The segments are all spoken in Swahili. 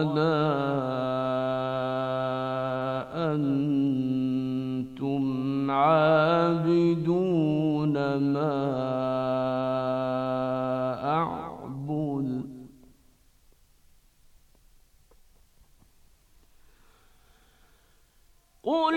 على أنتم عابدون ما أعبد قل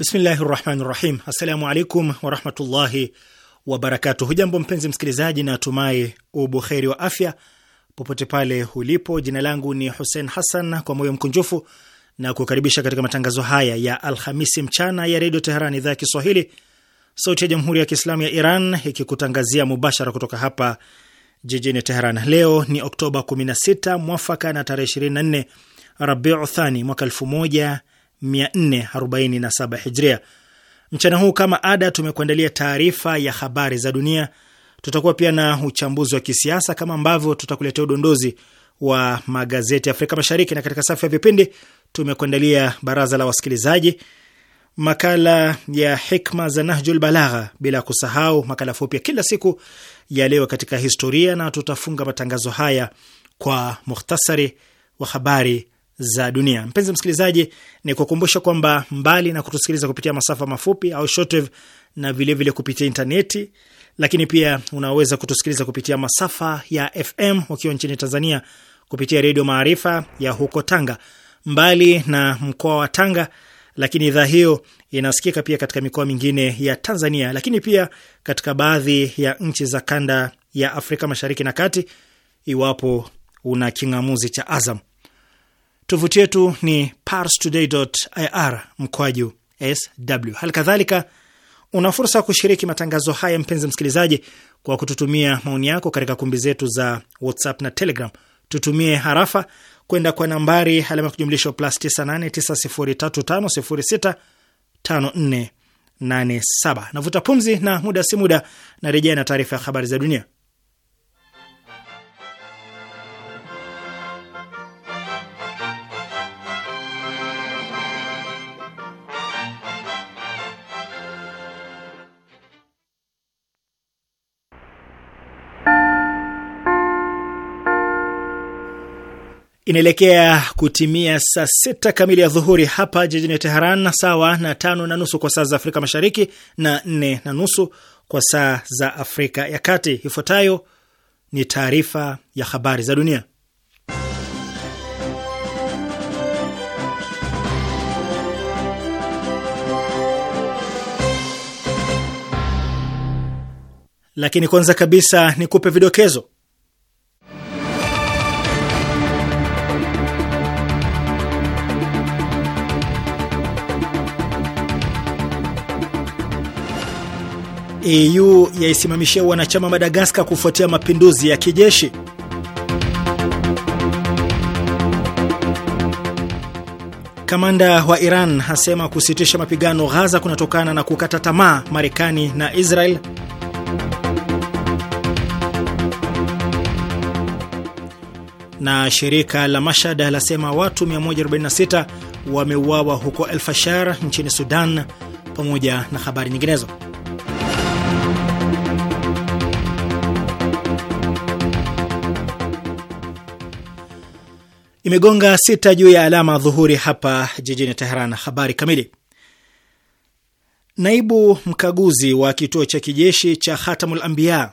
Bismillahi rahmani rahim. Assalamu alaikum warahmatullahi wabarakatu. Hujambo mpenzi msikilizaji, na atumai ubuheri wa afya popote pale ulipo. Jina langu ni Hussein Hassan, kwa moyo mkunjufu na kukaribisha katika matangazo haya ya Alhamisi mchana ya Redio Teheran, idhaa ya Kiswahili, sauti ya Jamhuri ya Kiislamu ya Iran, ikikutangazia mubashara kutoka hapa jijini Teheran. Leo ni Oktoba 16 mwafaka na tarehe 24 Rabiu Thani mwaka elfu moja 447 Hijria. Mchana huu kama ada, tumekuandalia taarifa ya habari za dunia. Tutakuwa pia na uchambuzi wa kisiasa kama ambavyo tutakuletea udondozi wa magazeti ya Afrika Mashariki, na katika safu ya vipindi tumekuandalia baraza la wasikilizaji, makala ya hikma za Nahjul Balagha, bila kusahau makala fupi ya kila siku ya leo katika historia, na tutafunga matangazo haya kwa mukhtasari wa habari za dunia. Mpenzi msikilizaji, ni kukumbusha kwamba mbali na kutusikiliza kupitia masafa mafupi au shortwave na vilevile vile kupitia intaneti, lakini pia unaweza kutusikiliza kupitia masafa ya FM ukiwa nchini Tanzania kupitia Redio Maarifa ya huko Tanga, mbali na mkoa wa Tanga, lakini idhaa hiyo inasikika pia katika mikoa mingine ya Tanzania, lakini pia katika baadhi ya nchi za kanda ya Afrika Mashariki na Kati, iwapo una king'amuzi cha Azam. Tovuti yetu ni parstoday.ir mkwaju sw. Hali kadhalika una fursa ya kushiriki matangazo haya, mpenzi msikilizaji, kwa kututumia maoni yako katika kumbi zetu za WhatsApp na Telegram. Tutumie harafa kwenda kwa nambari alama ya kujumlisha plus 989035065487. Navuta pumzi na muda si muda na rejea na taarifa ya habari za dunia. inaelekea kutimia saa sita kamili ya dhuhuri hapa jijini Teheran, sawa na tano na nusu kwa saa za Afrika Mashariki na nne na nusu kwa saa za Afrika ya Kati. Ifuatayo ni taarifa ya habari za dunia, lakini kwanza kabisa nikupe vidokezo EU yaisimamishia wanachama Madagaskar kufuatia mapinduzi ya kijeshi. Kamanda wa Iran hasema kusitisha mapigano Ghaza kunatokana na kukata tamaa Marekani na Israel. Na shirika la Mashada lasema watu 146 wameuawa huko elfashar nchini Sudan, pamoja na habari nyinginezo. imegonga sita juu ya alama dhuhuri hapa jijini Teheran. Habari kamili. Naibu mkaguzi wa kituo cha kijeshi cha Hatamul Anbiya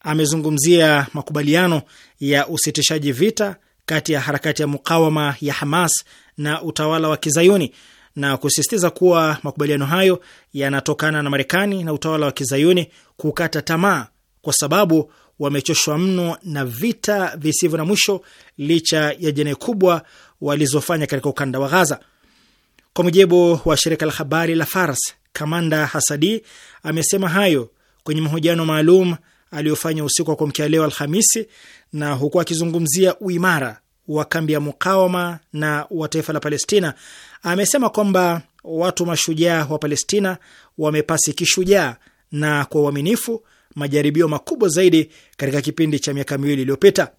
amezungumzia makubaliano ya usitishaji vita kati ya harakati ya mukawama ya Hamas na utawala wa kizayuni na kusisitiza kuwa makubaliano hayo yanatokana na Marekani na utawala wa kizayuni kukata tamaa kwa sababu wamechoshwa mno na vita visivyo na mwisho licha ya jinai kubwa walizofanya katika ukanda wa Ghaza. Kwa mujibu wa shirika la habari la Fars, kamanda Hasadi amesema hayo kwenye mahojiano maalum aliyofanya usiku wa kuamkia leo Alhamisi, na huku akizungumzia uimara wa kambi ya mukawama na wa taifa la Palestina, amesema kwamba watu mashujaa wa Palestina wamepasi kishujaa na kwa uaminifu majaribio makubwa zaidi katika kipindi cha miaka miwili iliyopita.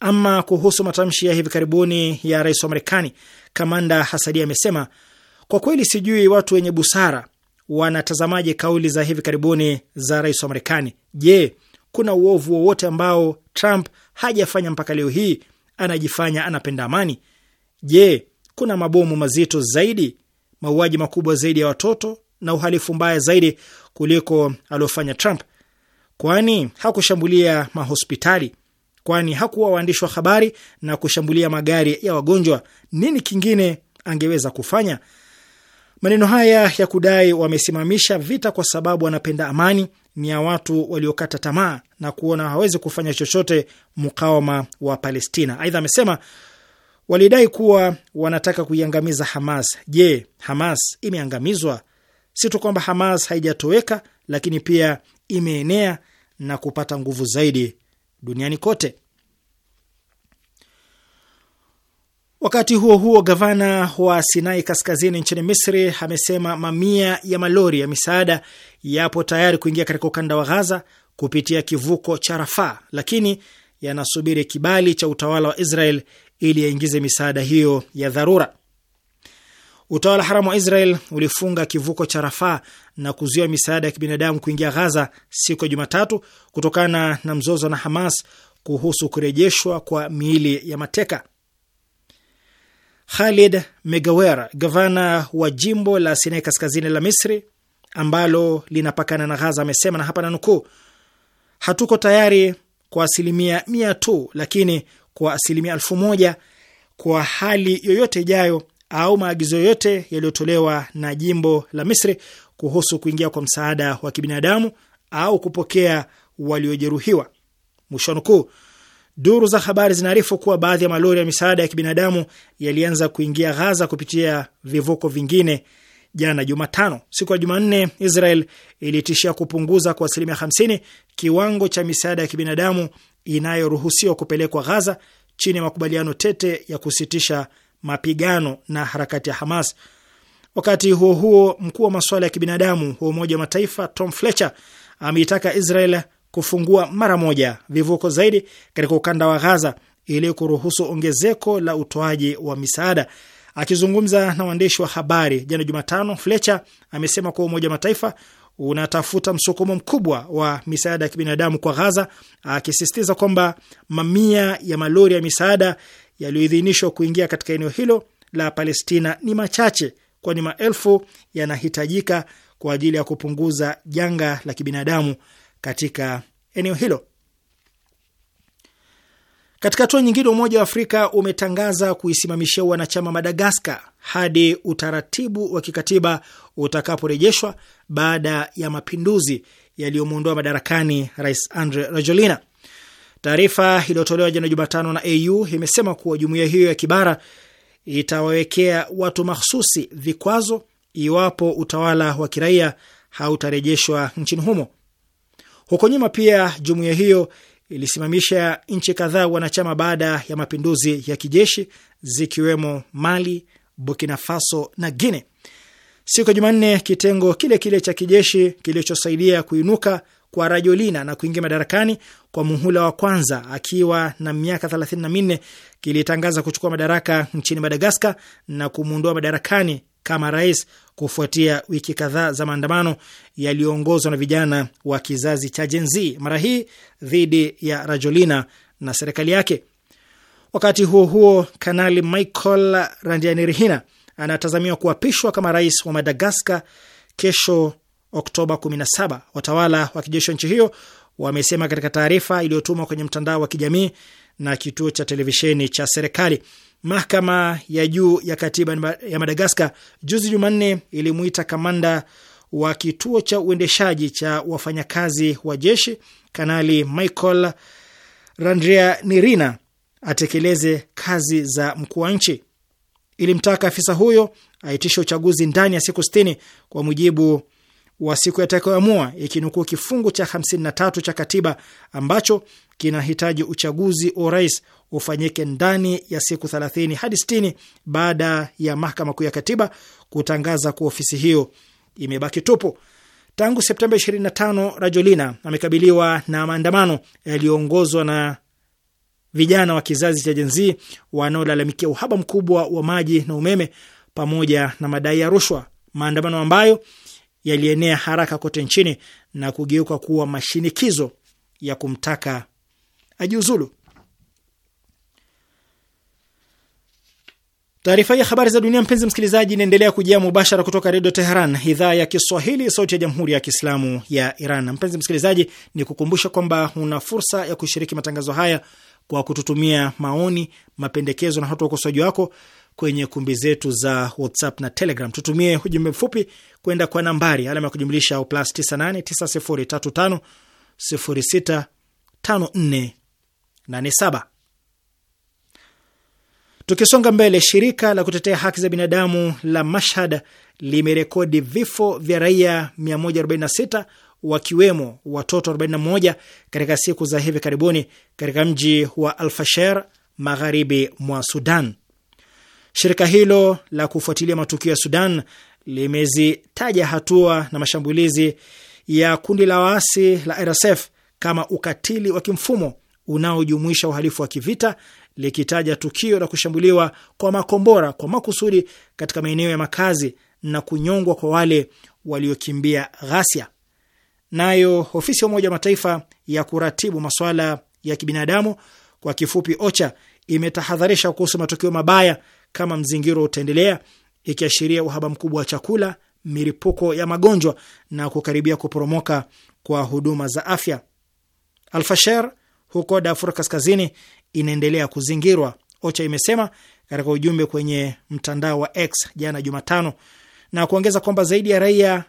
Ama kuhusu matamshi ya hivi karibuni ya rais wa Marekani, kamanda Hasadi amesema kwa kweli, sijui watu wenye busara wanatazamaje kauli za hivi karibuni za rais wa Marekani. Je, kuna uovu wowote ambao Trump hajafanya mpaka leo hii? Anajifanya anapenda amani. Je, kuna mabomu mazito zaidi, mauaji makubwa zaidi ya watoto na uhalifu mbaya zaidi kuliko aliofanya Trump? Kwani hakushambulia mahospitali? Kwani hakuwa waandishi wa habari na kushambulia magari ya wagonjwa? Nini kingine angeweza kufanya? Maneno haya ya kudai wamesimamisha vita kwa sababu wanapenda amani ni ya watu waliokata tamaa na kuona hawezi kufanya chochote mukawama wa Palestina. Aidha amesema walidai kuwa wanataka kuiangamiza Hamas. Je, Hamas imeangamizwa? Si tu kwamba Hamas haijatoweka, lakini pia imeenea na kupata nguvu zaidi duniani kote. Wakati huo huo, gavana wa Sinai Kaskazini nchini Misri amesema mamia ya malori ya misaada yapo tayari kuingia katika ukanda wa Ghaza kupitia kivuko cha Rafaa, lakini yanasubiri kibali cha utawala wa Israel ili yaingize misaada hiyo ya dharura. Utawala haramu wa Israel ulifunga kivuko cha Rafaa na kuzuia misaada ya kibinadamu kuingia Ghaza siku ya Jumatatu kutokana na mzozo na Hamas kuhusu kurejeshwa kwa miili ya mateka. Khalid Megawer, gavana wa jimbo la Sinai kaskazini la Misri ambalo linapakana na Ghaza, amesema na hapa nanukuu, hatuko tayari kwa asilimia mia tu, lakini kwa asilimia elfu moja kwa hali yoyote ijayo au maagizo yote yaliyotolewa na jimbo la Misri kuhusu kuingia kwa msaada wa kibinadamu au kupokea waliojeruhiwa. Mwisho nukuu. Duru za habari zinaarifu kuwa baadhi ya malori ya misaada ya kibinadamu yalianza kuingia Ghaza kupitia vivuko vingine jana Jumatano. Siku ya Jumanne, Israel ilitishia kupunguza kwa asilimia 50 kiwango cha misaada ya kibinadamu inayoruhusiwa kupelekwa Ghaza chini ya makubaliano tete ya kusitisha mapigano na harakati ya Hamas. Wakati huo huo, mkuu wa masuala ya kibinadamu wa Umoja wa Mataifa Tom Fletcher ameitaka Israel kufungua mara moja vivuko zaidi katika ukanda wa Gaza ili kuruhusu ongezeko la utoaji wa misaada. Akizungumza na waandishi wa habari jana Jumatano, Fletcher amesema kuwa Umoja wa Mataifa unatafuta msukumo mkubwa wa misaada ya kibinadamu kwa Gaza, akisisitiza kwamba mamia ya malori ya misaada yaliyoidhinishwa kuingia katika eneo hilo la Palestina ni machache, kwani maelfu yanahitajika kwa ajili ya kupunguza janga la kibinadamu katika eneo hilo. Katika hatua nyingine, Umoja wa Afrika umetangaza kuisimamishia wanachama Madagaskar hadi utaratibu wa kikatiba utakaporejeshwa baada ya mapinduzi yaliyomwondoa madarakani Rais Andre Rajolina. Taarifa iliyotolewa jana Jumatano na AU imesema kuwa jumuiya hiyo ya kibara itawawekea watu mahsusi vikwazo iwapo utawala wa kiraia hautarejeshwa nchini humo. Huko nyuma pia jumuiya hiyo ilisimamisha nchi kadhaa wanachama baada ya mapinduzi ya kijeshi zikiwemo Mali, Burkina Faso na guine Siku ya Jumanne, kitengo kile kile cha kijeshi kilichosaidia kuinuka kwa Rajolina na kuingia madarakani kwa muhula wa kwanza akiwa na miaka 34 kilitangaza kuchukua madaraka nchini Madagaskar na kumuondoa madarakani kama rais kufuatia wiki kadhaa za maandamano yaliyoongozwa na vijana wa kizazi cha Gen Z, mara hii dhidi ya Rajolina na serikali yake. Wakati huo huo, Kanali Michael Randrianirihina anatazamiwa kuapishwa kama rais wa Madagaskar kesho Oktoba 17. Watawala wa kijeshi wa nchi hiyo wamesema katika taarifa iliyotumwa kwenye mtandao wa kijamii na kituo cha televisheni cha serikali. Mahakama ya juu ya katiba ya Madagaskar juzi Jumanne ilimwita kamanda wa kituo cha uendeshaji cha wafanyakazi wa jeshi Kanali Michael Randria Nirina atekeleze kazi za mkuu wa nchi. Ilimtaka afisa huyo aitishe uchaguzi ndani ya siku sitini kwa mujibu wa siku yatakayoamua, ikinukuu kifungu cha 53 cha katiba ambacho kinahitaji uchaguzi wa rais ufanyike ndani ya siku 30 hadi 60 baada ya mahakama kuu ya katiba kutangaza kuwa ofisi hiyo imebaki tupu. Tangu Septemba 25, Rajolina amekabiliwa na maandamano yaliyoongozwa na vijana wa kizazi cha jenzii wanaolalamikia uhaba mkubwa wa maji na umeme pamoja na madai ya rushwa, maandamano ambayo yalienea haraka kote nchini na kugeuka kuwa mashinikizo ya kumtaka ajiuzulu. Taarifa hii ya habari za dunia, mpenzi msikilizaji, inaendelea kujia mubashara kutoka Redio Teheran, idhaa ya Kiswahili, sauti ya jamhuri ya kiislamu ya Iran. Mpenzi msikilizaji, ni kukumbusha kwamba una fursa ya kushiriki matangazo haya kwa kututumia maoni, mapendekezo na hata ukosoaji wako kwenye kumbi zetu za WhatsApp na Telegram. Tutumie ujumbe mfupi kwenda kwa nambari alama ya kujumlisha au plus 989035065487. Tukisonga mbele, shirika la kutetea haki za binadamu la Mashhad limerekodi vifo vya raia 146 wakiwemo watoto 41 katika siku za hivi karibuni katika mji wa Alfasher magharibi mwa Sudan. Shirika hilo la kufuatilia matukio ya Sudan limezitaja hatua na mashambulizi ya kundi la waasi la RSF kama ukatili wa kimfumo unaojumuisha uhalifu wa kivita, likitaja tukio la kushambuliwa kwa makombora kwa makusudi katika maeneo ya makazi na kunyongwa kwa wale waliokimbia ghasia. Nayo ofisi ya Umoja wa Mataifa ya kuratibu masuala ya kibinadamu kwa kifupi OCHA imetahadharisha kuhusu matukio mabaya kama mzingiro utaendelea ikiashiria uhaba mkubwa wa chakula, milipuko ya magonjwa na kukaribia kuporomoka kwa huduma za afya. Alfasher huko Darfur Kaskazini inaendelea kuzingirwa, OCHA imesema katika ujumbe kwenye mtandao wa X jana Jumatano, na kuongeza kwamba zaidi ya raia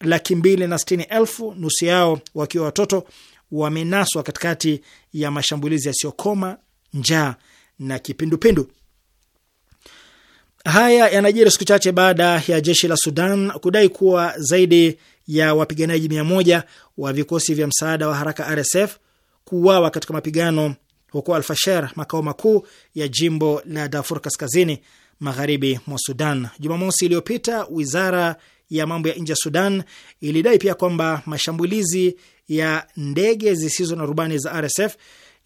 laki mbili na sitini elfu, nusu yao wakiwa watoto, wamenaswa katikati ya mashambulizi yasiyokoma, njaa na kipindupindu. Haya yanajiri siku chache baada ya jeshi la Sudan kudai kuwa zaidi ya wapiganaji mia moja wa vikosi vya msaada wa haraka RSF kuuawa katika mapigano huko Alfasher, makao makuu ya jimbo la Darfur kaskazini magharibi mwa Sudan. Jumamosi iliyopita, wizara ya mambo ya nje ya Sudan ilidai pia kwamba mashambulizi ya ndege zisizo na rubani za RSF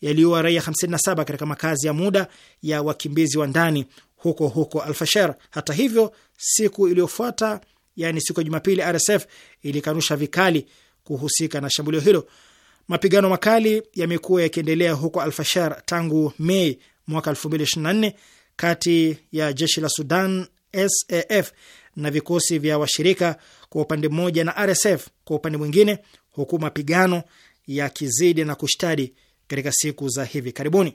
yaliua raia 57 katika makazi ya muda ya wakimbizi wa ndani huko huko Alfasher. Hata hivyo, siku iliyofuata, yani siku ya Jumapili, RSF ilikanusha vikali kuhusika na shambulio hilo. Mapigano makali yamekuwa yakiendelea huko Alfasher tangu Mei mwaka 2024 kati ya jeshi la Sudan SAF na vikosi vya washirika kwa upande mmoja na RSF kwa upande mwingine, huku mapigano yakizidi na kushtadi katika siku za hivi karibuni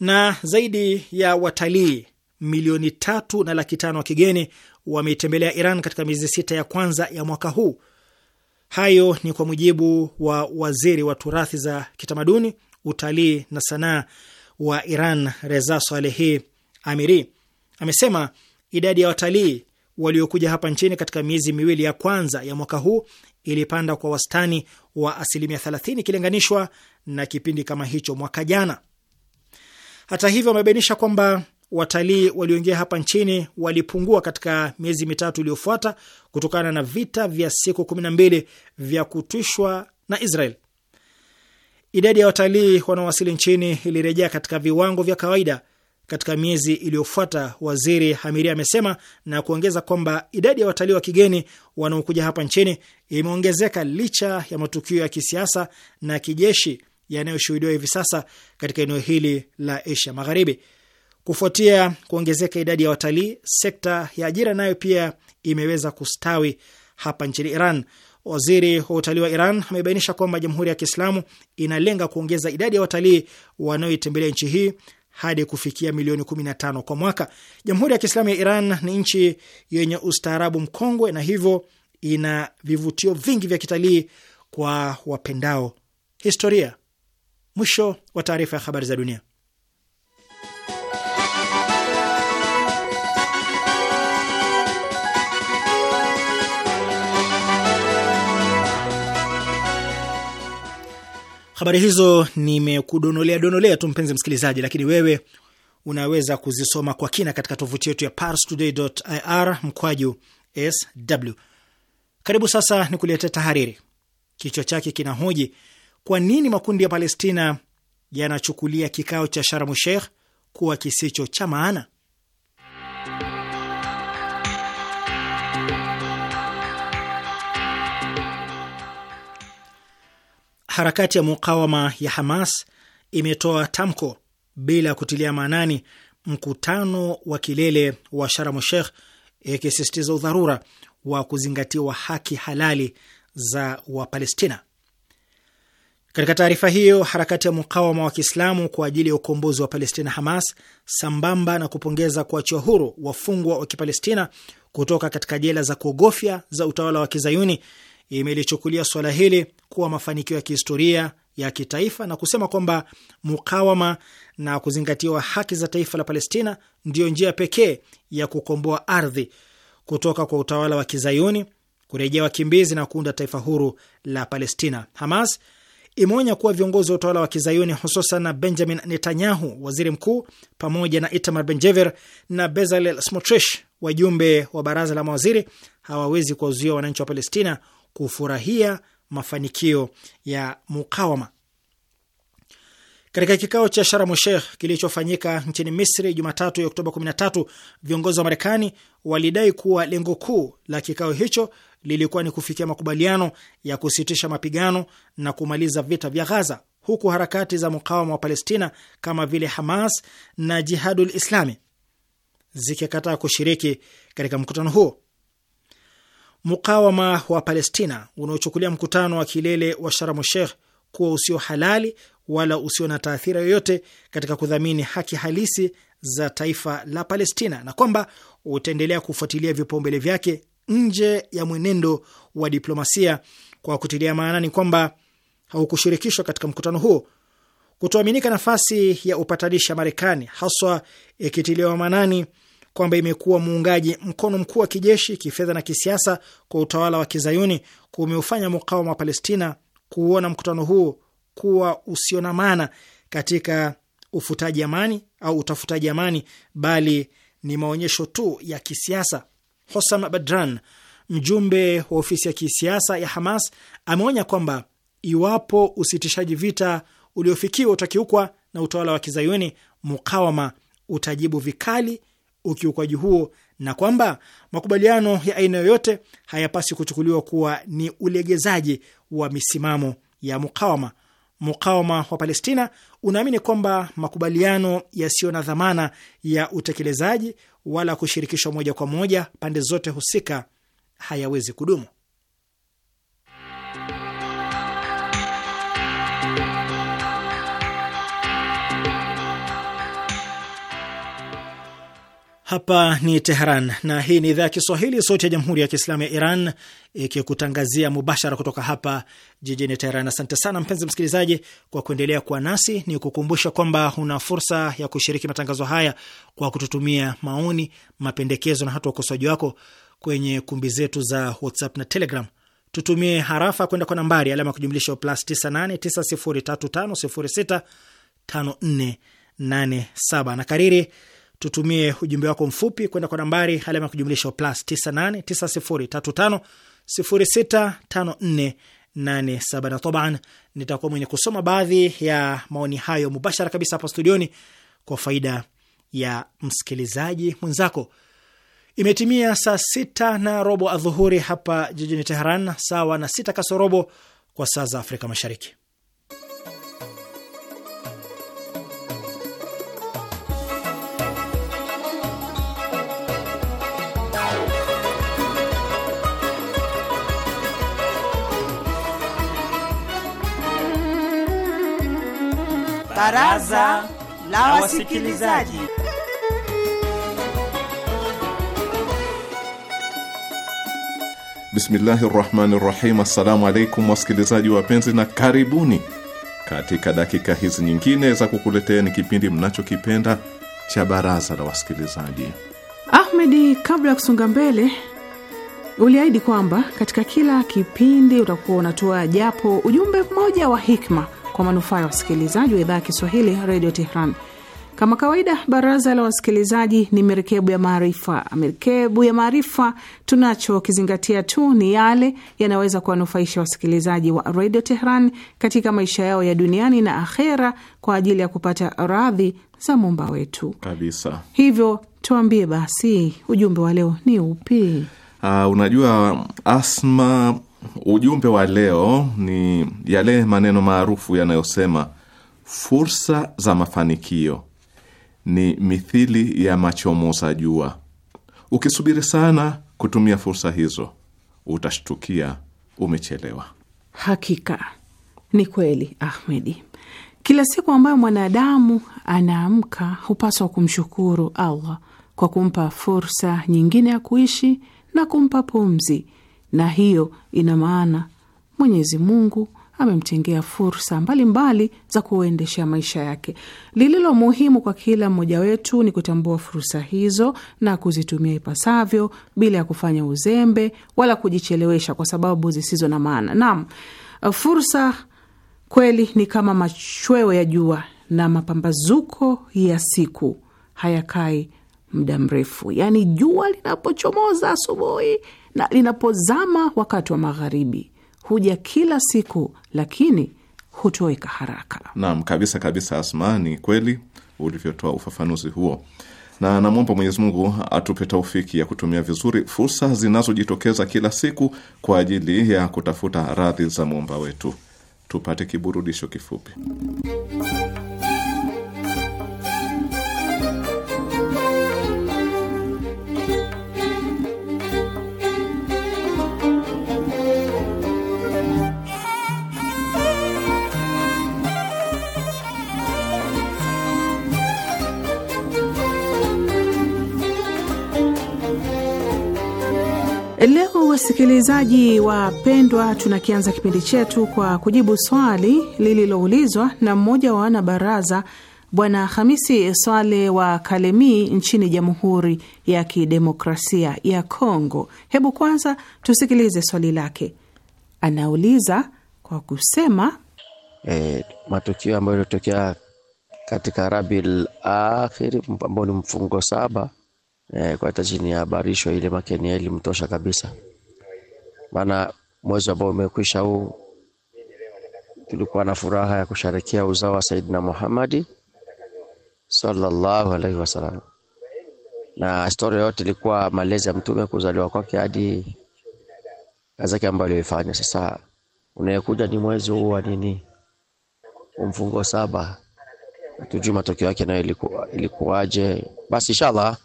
na zaidi ya watalii milioni tatu na laki tano wa kigeni wameitembelea Iran katika miezi sita ya kwanza ya mwaka huu. Hayo ni kwa mujibu wa waziri wa turathi za kitamaduni, utalii na sanaa wa Iran, Reza Salehi Amiri. Amesema idadi ya watalii waliokuja hapa nchini katika miezi miwili ya kwanza ya mwaka huu ilipanda kwa wastani wa asilimia 30 ikilinganishwa na kipindi kama hicho mwaka jana. Hata hivyo, wamebainisha kwamba watalii walioingia hapa nchini walipungua katika miezi mitatu iliyofuata kutokana na vita vya siku kumi na mbili vya kutwishwa na Israel. Idadi ya watalii wanaowasili nchini ilirejea katika viwango vya kawaida katika miezi iliyofuata, Waziri Hamiri amesema na kuongeza kwamba idadi ya watalii wa kigeni wanaokuja hapa nchini imeongezeka licha ya matukio ya kisiasa na kijeshi yanayoshuhudiwa hivi sasa katika eneo hili la Asia Magharibi. Kufuatia kuongezeka idadi ya watalii, sekta ya ajira nayo pia imeweza kustawi hapa nchini Iran. Waziri wa utalii wa Iran amebainisha kwamba Jamhuri ya Kiislamu inalenga kuongeza idadi ya watalii wanaoitembelea nchi hii hadi kufikia milioni 15 kwa mwaka. Jamhuri ya Kiislamu ya Iran ni nchi yenye ustaarabu mkongwe na hivyo ina vivutio vingi vya kitalii kwa wapendao historia. Mwisho wa taarifa ya habari za dunia. Habari hizo nimekudonolea donolea tu mpenzi msikilizaji, lakini wewe unaweza kuzisoma kwa kina katika tovuti yetu ya parstoday.ir mkwaju sw. Karibu sasa ni kuletea tahariri, kichwa chake kinahoji kwa nini makundi ya Palestina yanachukulia kikao cha Sharmu Sheikh kuwa kisicho cha maana? Harakati ya mukawama ya Hamas imetoa tamko bila ya kutilia maanani mkutano wa kilele wa Sharmu Sheikh, ikisisitiza udharura wa kuzingatiwa haki halali za Wapalestina. Katika taarifa hiyo, harakati ya mukawama wa Kiislamu kwa ajili ya ukombozi wa Palestina, Hamas, sambamba na kupongeza kuachiwa huru wafungwa wa Kipalestina kutoka katika jela za kuogofya za utawala wa Kizayuni, imelichukulia swala hili kuwa mafanikio ya kihistoria ya kitaifa na kusema kwamba mukawama na kuzingatiwa haki za taifa la Palestina ndiyo njia pekee ya kukomboa ardhi kutoka kwa utawala wa Kizayuni, kurejea wakimbizi na kuunda taifa huru la Palestina. Hamas imeonya kuwa viongozi wa utawala wa kizayuni hususan na Benjamin Netanyahu, waziri mkuu, pamoja na Itamar Benjever na Bezalel Smotrich, wajumbe wa baraza la mawaziri, hawawezi kuwazuia wananchi wa Palestina kufurahia mafanikio ya mukawama. Katika kikao cha Sharamu Sheikh kilichofanyika nchini Misri Jumatatu ya Oktoba 13, viongozi wa Marekani walidai kuwa lengo kuu la kikao hicho lilikuwa ni kufikia makubaliano ya kusitisha mapigano na kumaliza vita vya Ghaza, huku harakati za mukawama wa Palestina kama vile Hamas na Jihadul Islami zikikataa kushiriki katika mkutano huo. Mukawama wa Palestina unaochukulia mkutano wa kilele wa Sharamu Sheikh kuwa usio halali wala usio na taathira yoyote katika kudhamini haki halisi za taifa la Palestina na kwamba utaendelea kufuatilia vipaumbele vyake nje ya mwenendo wa diplomasia, kwa kutilia maanani kwamba haukushirikishwa katika mkutano huo. Kutoaminika nafasi ya upatanishi ya Marekani, haswa ikitiliwa maanani kwamba imekuwa muungaji mkono mkuu wa kijeshi, kifedha na kisiasa kwa utawala wa Kizayuni, kumeufanya mukawama wa Palestina kuuona mkutano huo kuwa usio na maana katika ufutaji amani au utafutaji amani, bali ni maonyesho tu ya kisiasa. Hossam Badran, mjumbe wa ofisi ya kisiasa ya Hamas, ameonya kwamba iwapo usitishaji vita uliofikiwa utakiukwa na utawala wa kizayuni, mukawama utajibu vikali ukiukwaji huo na kwamba makubaliano ya aina yoyote hayapasi kuchukuliwa kuwa ni ulegezaji wa misimamo ya mukawama. Mukawama wa Palestina unaamini kwamba makubaliano yasiyo na dhamana ya utekelezaji wala kushirikishwa moja kwa moja pande zote husika hayawezi kudumu. Hapa ni Teheran na hii ni idhaa ya Kiswahili, sauti ya jamhuri ya kiislamu ya Iran ikikutangazia mubashara kutoka hapa jijini Teheran. Asante sana mpenzi msikilizaji kwa kuendelea kuwa nasi. Ni kukumbusha kwamba una fursa ya kushiriki matangazo haya kwa kututumia maoni, mapendekezo na hata ukosoaji wako kwenye kumbi zetu za WhatsApp na Telegram. Tutumie harafa kwenda kwa nambari alama kujumlisha plus 989035065487 na kariri tutumie ujumbe wako mfupi kwenda kwa nambari alama ya kujumlisha plus 989035065487 na taban nitakuwa mwenye kusoma baadhi ya maoni hayo mubashara kabisa hapa studioni kwa faida ya msikilizaji mwenzako. Imetimia saa sita na robo adhuhuri hapa jijini Teheran, sawa na sita kasorobo kwa saa za Afrika Mashariki. Baraza la Wasikilizaji. Bismillahi rahmani rahim. Assalamu alaikum wasikilizaji wapenzi, na karibuni katika dakika hizi nyingine za kukuletea ni kipindi mnachokipenda cha baraza la wasikilizaji. Ahmedi, kabla ya kusonga mbele, uliahidi kwamba katika kila kipindi utakuwa unatoa japo ujumbe mmoja wa hikma kwa manufaa ya wasikilizaji wa idhaa ya Kiswahili Radio Tehran. Kama kawaida, baraza la wasikilizaji ni merekebu ya maarifa. Merekebu ya maarifa, tunachokizingatia tu ni yale yanaweza kuwanufaisha wasikilizaji wa redio Tehran katika maisha yao ya duniani na akhera, kwa ajili ya kupata radhi za mumba wetu kabisa. Hivyo tuambie basi, ujumbe wa leo ni upi? Uh, unajua Asma Ujumbe wa leo ni yale maneno maarufu yanayosema fursa za mafanikio ni mithili ya machomoza jua. Ukisubiri sana kutumia fursa hizo, utashtukia umechelewa. Hakika ni kweli, Ahmedi. Kila siku ambayo mwanadamu anaamka hupaswa kumshukuru Allah kwa kumpa fursa nyingine ya kuishi na kumpa pumzi na hiyo ina maana Mwenyezi Mungu amemtengea fursa mbalimbali mbali za kuendeshea maisha yake. Lililo muhimu kwa kila mmoja wetu ni kutambua fursa hizo na kuzitumia ipasavyo bila ya kufanya uzembe wala kujichelewesha kwa sababu zisizo na maana. Naam, fursa kweli ni kama machweo ya jua na mapambazuko ya siku hayakai muda mrefu. Yaani jua linapochomoza asubuhi na linapozama wakati wa magharibi huja kila siku, lakini hutoweka haraka. Naam, kabisa kabisa, Asmani, kweli ulivyotoa ufafanuzi huo na namwomba Mwenyezi Mungu atupe taufiki ya kutumia vizuri fursa zinazojitokeza kila siku kwa ajili ya kutafuta radhi za muumba wetu. Tupate kiburudisho kifupi. Leo wasikilizaji wapendwa, tunakianza kipindi chetu kwa kujibu swali lililoulizwa na mmoja wa wanabaraza Bwana Hamisi Swale wa Kalemi nchini Jamhuri ya Kidemokrasia ya Kongo. Hebu kwanza tusikilize swali lake. Anauliza kwa kusema e, matukio ambayo yalitokea katika Rabiul Akhir ambao ni mfungo saba e, kwa hitaji ni habarisho ile makenia ni kabisa, maana mwezi ambao umekwisha huu tulikuwa na furaha ya kusherekea uzao wa Saidina muhamadi sallallahu alaihi wasallam, na historia yote ilikuwa malezi ya mtume kuzaliwa kwake hadi kazi yake ambayo aliyoifanya. Sasa unayekuja ni mwezi huu wa nini, umfungo saba, hatujui matokeo yake nayo ilikuwaje. Basi inshallah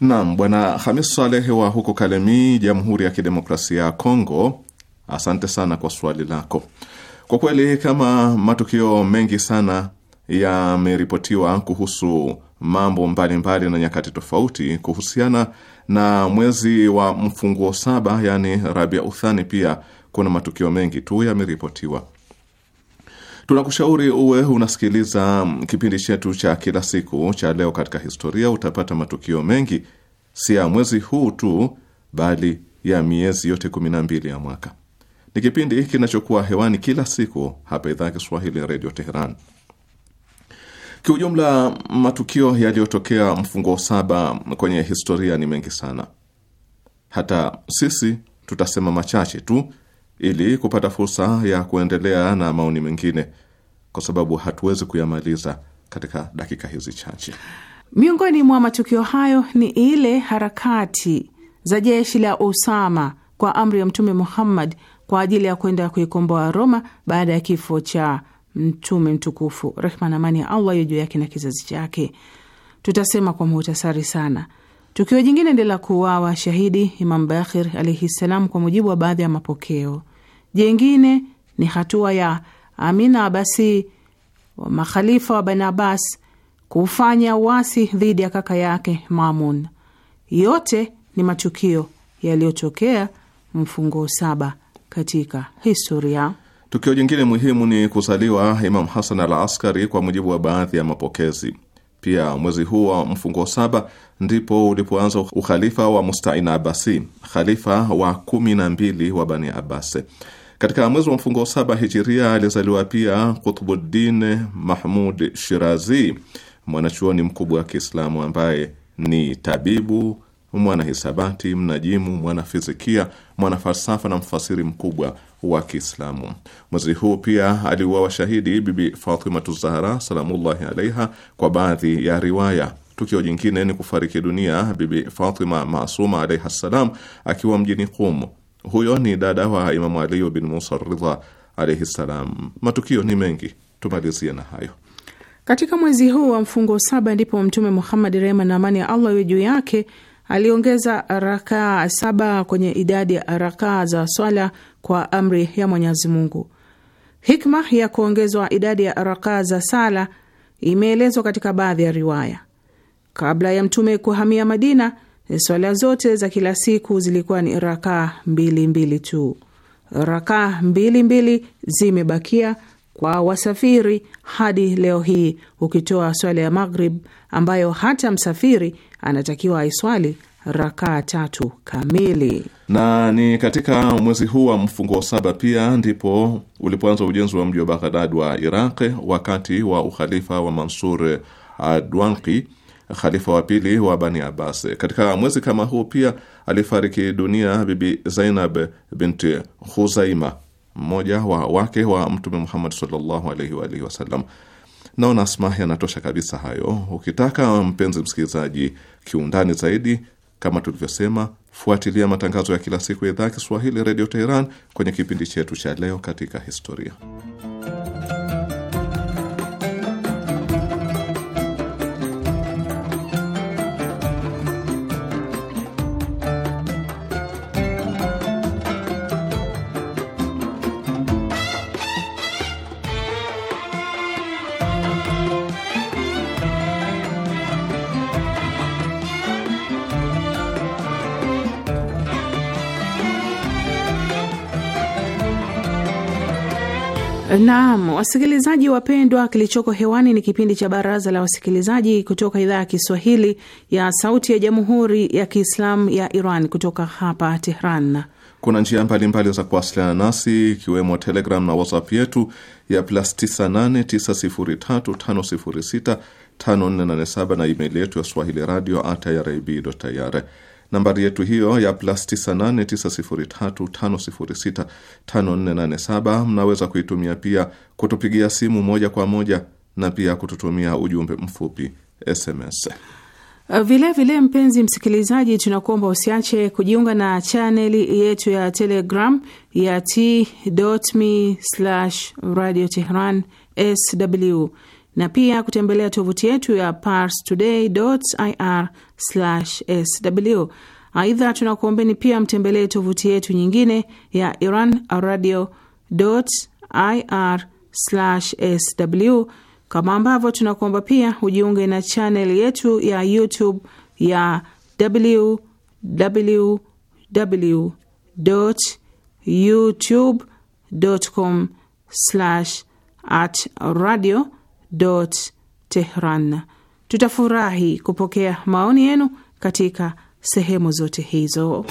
Naam, Bwana Hamis saleh wa huko Kalemi, Jamhuri ya Kidemokrasia ya Kongo, asante sana kwa swali lako. Kwa kweli kama matukio mengi sana yameripotiwa kuhusu mambo mbalimbali mbali na nyakati tofauti kuhusiana na mwezi wa mfunguo saba, yani Rabia Uthani, pia kuna matukio mengi tu yameripotiwa. Tunakushauri uwe unasikiliza mm, kipindi chetu cha kila siku cha Leo katika Historia. Utapata matukio mengi, si ya mwezi huu tu, bali ya miezi yote kumi na mbili ya mwaka. Ni kipindi kinachokuwa hewani kila siku hapa Idhaa ya Kiswahili ya Redio Teheran. Kiujumla, matukio yaliyotokea mfungo saba kwenye historia ni mengi sana. Hata sisi tutasema machache tu ili kupata fursa ya kuendelea na maoni mengine, kwa sababu hatuwezi kuyamaliza katika dakika hizi chache. Miongoni mwa matukio hayo ni ile harakati za jeshi la Usama kwa amri ya Mtume Muhammad kwa ajili ya kwenda kuikomboa Roma baada ya kifo cha Mtume mtukufu, rehma na amani ya Allah juu yake na kizazi chake. Tutasema kwa muhtasari sana. Tukio jingine ndi la kuuawa shahidi Imam Bakhir alaihi ssalam, kwa mujibu wa baadhi ya mapokeo. Jengine ni hatua ya Amina Abasi wa makhalifa wa Bani Abbas kufanya uasi dhidi ya kaka yake Mamun. Yote ni matukio yaliyotokea mfungo saba katika historia. Tukio jingine muhimu ni kuzaliwa Imam Hasan al Askari kwa mujibu wa baadhi ya mapokezi. Pia mwezi huu wa mfungo saba ndipo ulipoanza ukhalifa wa mustain Abasi, khalifa wa kumi na mbili wa Bani Abasi. Katika mwezi wa mfungo saba hijiria alizaliwa pia Kutbuddin Mahmud Shirazi, mwanachuoni mkubwa wa Kiislamu ambaye ni tabibu, mwanahisabati, mnajimu, mwanafizikia, mwanafalsafa na mfasiri mkubwa wa Kiislamu. Mwezi huu pia aliuawa shahidi Bibi Fatimatu Zahra salamullahi alaiha kwa baadhi ya riwaya. Tukio jingine ni kufariki dunia Bibi Fatima Masuma alaihi ssalam akiwa mjini Qum huyo ni dada wa Imamu Ali bin Musa Ridha alaihi salam. Matukio ni mengi, tumalizie na hayo. Katika mwezi huu wa mfungo saba ndipo Mtume Muhammad, rehma na amani ya Allah iwe juu yake, aliongeza rakaa saba kwenye idadi ya rakaa za swala kwa amri ya Mwenyezi Mungu. Hikma ya kuongezwa idadi ya rakaa za sala imeelezwa katika baadhi ya riwaya. Kabla ya Mtume kuhamia Madina, Swala zote za kila siku zilikuwa ni rakaa mbili mbili tu. Rakaa mbili mbili zimebakia kwa wasafiri hadi leo hii, ukitoa swala ya Maghrib ambayo hata msafiri anatakiwa aiswali rakaa tatu kamili. Na ni katika mwezi huu wa mfungo saba pia ndipo ulipoanza ujenzi wa mji wa Baghdad wa Iraq wakati wa ukhalifa wa Mansur Adwanki khalifa wa pili wa Bani Abbas. Katika mwezi kama huu pia alifariki dunia Bibi Zainab binti Huzaima, mmoja wa wake wa Mtume Muhammad sallallahu alaihi wa alihi wasallam. Naona Asma yanatosha kabisa hayo. Ukitaka mpenzi msikilizaji, kiundani zaidi, kama tulivyosema, fuatilia matangazo ya kila siku ya idhaa ya Kiswahili Redio Teheran kwenye kipindi chetu cha leo katika historia Naam, wasikilizaji wapendwa, kilichoko hewani ni kipindi cha Baraza la Wasikilizaji kutoka idhaa ya Kiswahili ya Sauti ya Jamhuri ya Kiislamu ya Iran kutoka hapa Tehran. Kuna njia mbalimbali za kuwasiliana nasi ikiwemo Telegram na WhatsApp yetu ya plus 989035065487 na email yetu ya swahili radio at irib.ir nambari yetu hiyo ya plus 989035065487 mnaweza kuitumia pia kutupigia simu moja kwa moja na pia kututumia ujumbe mfupi SMS. Uh, Vilevile vile, mpenzi msikilizaji, tunakuomba usiache kujiunga na chaneli yetu ya Telegram ya t.me radio Tehran sw na pia kutembelea tovuti yetu ya parstoday.ir/sw. Aidha, tunakuombeni pia mtembelee tovuti yetu nyingine ya Iran radio ir sw, kama ambavyo tunakuomba pia ujiunge na chaneli yetu ya YouTube ya www youtube.com slash at radio Tehran. Tutafurahi kupokea maoni yenu katika sehemu zote hizo.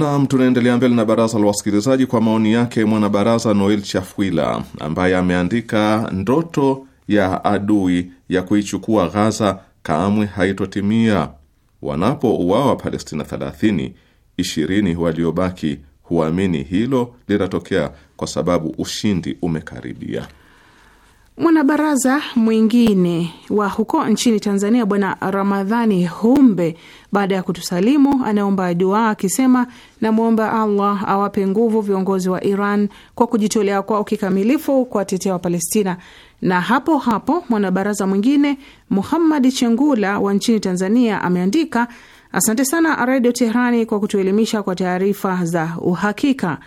Naam, tunaendelea mbele na baraza la wasikilizaji kwa maoni yake mwanabaraza Noel Chafwila ambaye ameandika, ndoto ya adui ya kuichukua Ghaza kamwe haitotimia. Wanapouawa Palestina 30, 20 waliobaki huamini hilo linatokea kwa sababu ushindi umekaribia. Mwanabaraza mwingine wa huko nchini Tanzania, Bwana Ramadhani Humbe, baada ya kutusalimu, anaomba duaa akisema, namwomba Allah awape nguvu viongozi wa Iran kwa kujitolea kwao kikamilifu kuwatetea Wapalestina. Na hapo hapo mwanabaraza mwingine Muhammad Chengula wa nchini Tanzania ameandika, asante sana Redio Tehrani kwa kutuelimisha kwa taarifa za uhakika.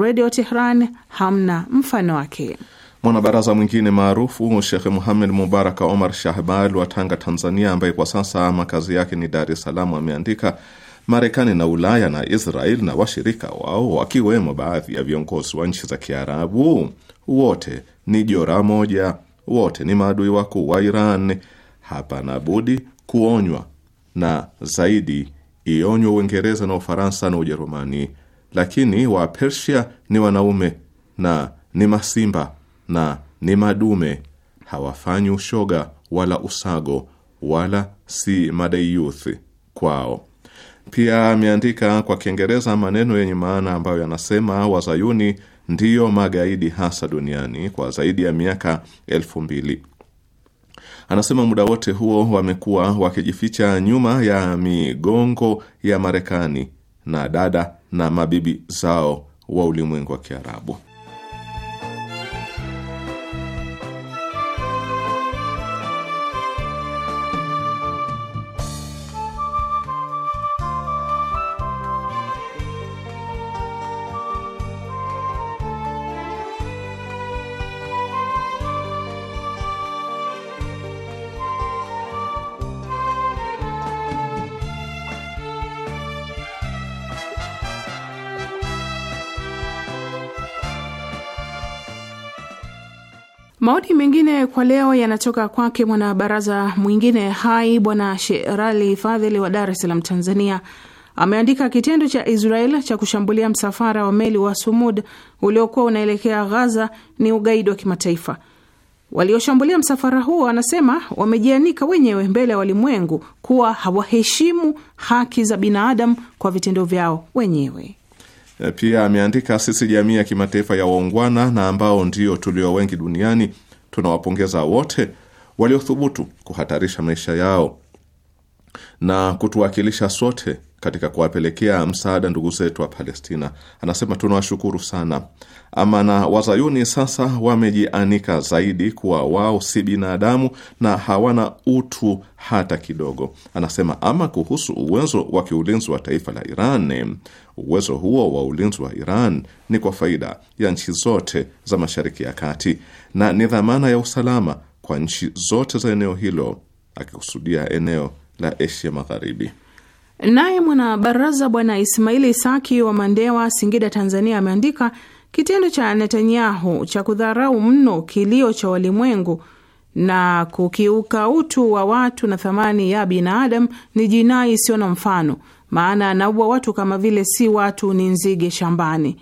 Redio Tehran hamna mfano wake. Mwanabaraza mwingine maarufu Shekhe Muhamed Mubaraka Omar Shahbal wa Tanga, Tanzania, ambaye kwa sasa makazi yake ni Dar es Salaam, ameandika Marekani na Ulaya na Israel na washirika wao wakiwemo baadhi ya viongozi wa nchi za Kiarabu wote ni jora moja, wote ni maadui wakuu wa Iran. Hapana budi kuonywa na zaidi ionywe Uingereza na Ufaransa na Ujerumani, lakini Wapersia ni wanaume na ni masimba na ni madume, hawafanyi ushoga wala usago wala si madayuthi kwao. Pia ameandika kwa Kiingereza maneno yenye maana ambayo yanasema wazayuni ndiyo magaidi hasa duniani kwa zaidi ya miaka elfu mbili. Anasema muda wote huo wamekuwa wakijificha nyuma ya migongo ya Marekani na dada na mabibi zao wa ulimwengu wa Kiarabu. Maoni mengine kwa leo yanatoka kwake mwanabaraza mwingine hai Bwana Sherali Fadhili wa Dar es Salaam, Tanzania. Ameandika, kitendo cha Israel cha kushambulia msafara wa meli wa Sumud uliokuwa unaelekea Ghaza ni ugaidi wa kimataifa. Walioshambulia msafara huo anasema wamejianika wenyewe mbele ya walimwengu kuwa hawaheshimu haki za binadamu kwa vitendo vyao wenyewe. Pia ameandika, sisi jamii ya kimataifa ya waungwana na ambao ndio tulio wengi duniani Tunawapongeza wote waliothubutu kuhatarisha maisha yao na kutuwakilisha sote katika kuwapelekea msaada ndugu zetu wa Palestina. Anasema tunawashukuru sana. Ama na wazayuni sasa wamejianika zaidi kuwa wao si binadamu na hawana utu hata kidogo. Anasema ama kuhusu uwezo wa kiulinzi wa taifa la Iran, uwezo huo wa ulinzi wa Iran ni kwa faida ya nchi zote za Mashariki ya Kati na ni dhamana ya usalama kwa nchi zote za eneo hilo, akikusudia eneo la Asia Magharibi. Naye mwanabaraza Bwana Ismaili Isaki wa Mandewa, Singida, Tanzania, ameandika kitendo cha Netanyahu cha kudharau mno kilio cha walimwengu na kukiuka utu wa watu na thamani ya binadamu ni jinai isiyo na mfano, maana anaua watu kama vile si watu, ni nzige shambani.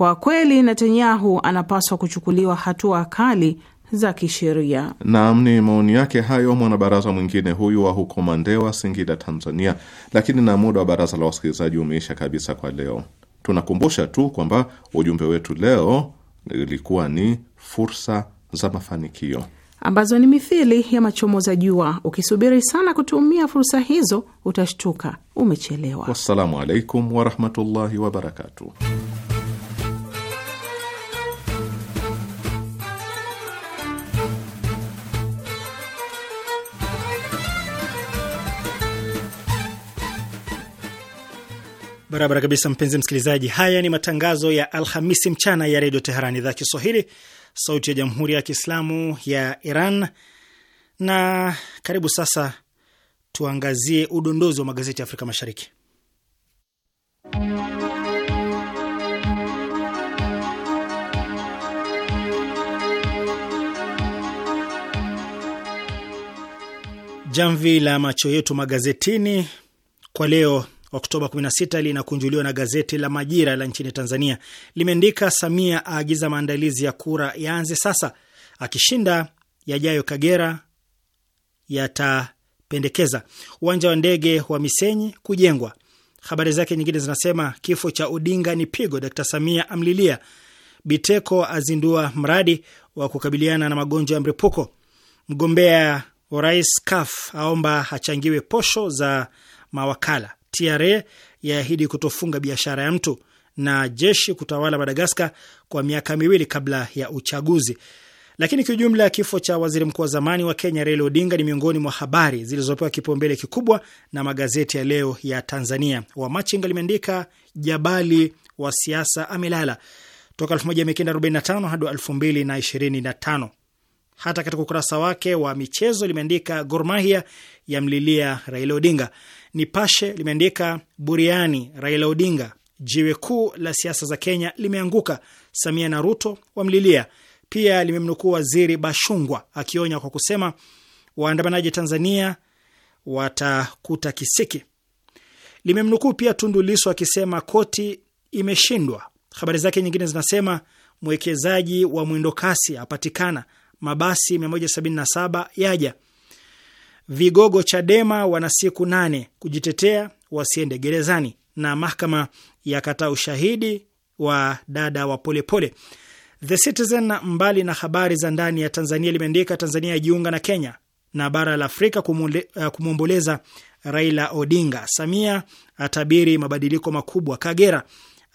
Kwa kweli Netanyahu anapaswa kuchukuliwa hatua kali za kisheria. Naam, ni maoni yake hayo mwanabaraza mwingine huyu wa huko Mandewa, Singida, Tanzania. Lakini na muda wa baraza la wasikilizaji umeisha kabisa kwa leo. Tunakumbusha tu kwamba ujumbe wetu leo ilikuwa ni fursa za mafanikio ambazo ni mithili ya machomoza jua. Ukisubiri sana kutumia fursa hizo, utashtuka umechelewa. Wassalamu alaikum warahmatullahi wabarakatuh. Barabara kabisa, mpenzi msikilizaji. Haya ni matangazo ya Alhamisi mchana ya Redio Teheran, idhaa Kiswahili, sauti ya Jamhuri ya Kiislamu ya Iran. Na karibu sasa tuangazie udondozi wa magazeti ya Afrika Mashariki. Jamvi la macho yetu magazetini kwa leo Oktoba 16 linakunjuliwa na gazeti la Majira la nchini Tanzania. Limeandika Samia aagiza maandalizi ya kura yaanze sasa, akishinda yajayo Kagera yatapendekeza uwanja wa ndege wa Misenyi kujengwa. Habari zake nyingine zinasema kifo cha Odinga ni pigo, Dkt Samia amlilia, Biteko azindua mradi wa kukabiliana na magonjwa ya mripuko. mgombea rais CUF aomba achangiwe posho za mawakala TRA yaahidi kutofunga biashara ya mtu na jeshi kutawala Madagaskar kwa miaka miwili kabla ya uchaguzi. Lakini kiujumla, kifo cha waziri mkuu wa zamani wa Kenya Raila Odinga ni miongoni mwa habari zilizopewa kipaumbele kikubwa na magazeti ya leo ya Tanzania. Wamachinga limeandika jabali wa siasa amelala toka 1945 hadi 2025. Hata katika ukurasa wake wa michezo limeandika Gor Mahia yamlilia Raila Odinga. Nipashe limeandika buriani, Raila Odinga jiwe kuu la siasa za Kenya limeanguka, Samia na Ruto wamlilia. Pia limemnukuu waziri Bashungwa akionya kwa kusema waandamanaji Tanzania watakuta kisiki. Limemnukuu pia Tundu Lisu akisema koti imeshindwa. Habari zake nyingine zinasema mwekezaji wa mwendo kasi apatikana, mabasi 177 yaja Vigogo Chadema wana siku nane kujitetea wasiende gerezani, na mahakama yakataa ushahidi wa dada wa Polepole pole. The Citizen mbali na habari za ndani ya Tanzania limeandika Tanzania yajiunga na Kenya na bara la Afrika uh, kumwomboleza Raila Odinga. Samia atabiri mabadiliko makubwa. Kagera